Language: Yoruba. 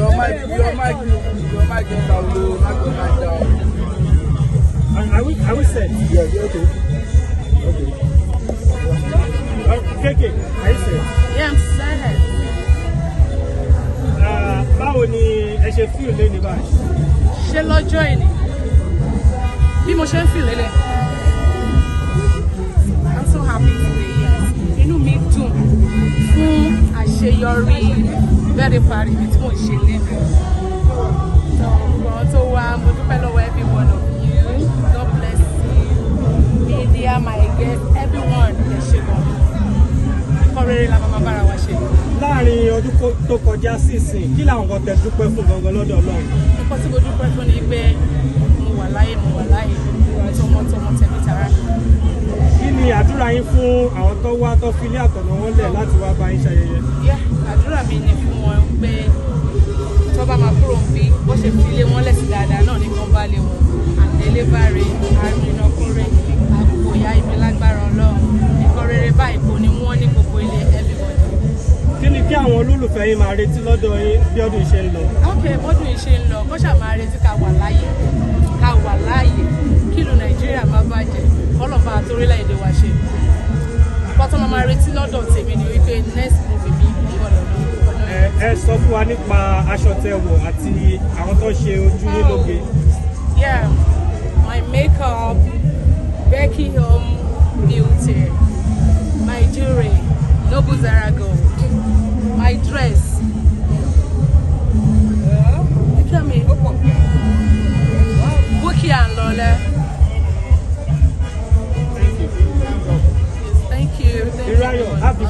okay. Okay. Okay, you set? Yeah, I'm set. Uh, báwo ni ẹ ṣe fíìl lé ní I'm so happy. àṣeyọrí very parí ibi tí mò ń ṣe lébi so nǹkan tó wá mo dúpẹ́ lọ́wọ́ every one of you God bless you India my guest everyone ẹ ṣe gan nǹkan rere la máa bára wa ṣe. láàrin ọdún tó kọjá sí kí làwọn kan tẹ dúpẹ́ fún gangan lọ́dọ̀ Ọlọ́run. nǹkan tí mo dúpẹ́ fún ni pé àdúrà yín fún àwọn tó wá tó fi ilé àtọ̀nà wọn lẹ̀ láti wá bá yín ṣayẹyẹ. àdúrà mi ni fún wọn pé tó bá máa kúrò ń bí bó ṣe fi ilé wọn lẹ̀ sí dáadáa náà nìkan bá lè wọ̀ àtẹlé bá rè arìnàkúrẹ́ àgbòyà ìbí lágbára ọlọ́run nǹkan rere báyìí kò ní wọ́n ní gbogbo ilé everybody. kí ni kí àwọn olólùfẹ́ yín máa retí lọ́dọ̀ yín bí ọdún yìí ṣe ń lọ. ok bọ́dún yìí ṣe ń lọ kó ṣàmáa retí ká wà láàyè ká wà láàyè máa retí lọ́dọ̀ tèmi ni wípé next movie mi ní ọ̀nà ẹ sọ fún wa nípa aṣọ tẹ́ wọ̀ àti àwọn tó ń ṣe ojú yín oh, lóge. yeah my makeup Becky Home Beauty my jewelry Nobu Zara Gold my dress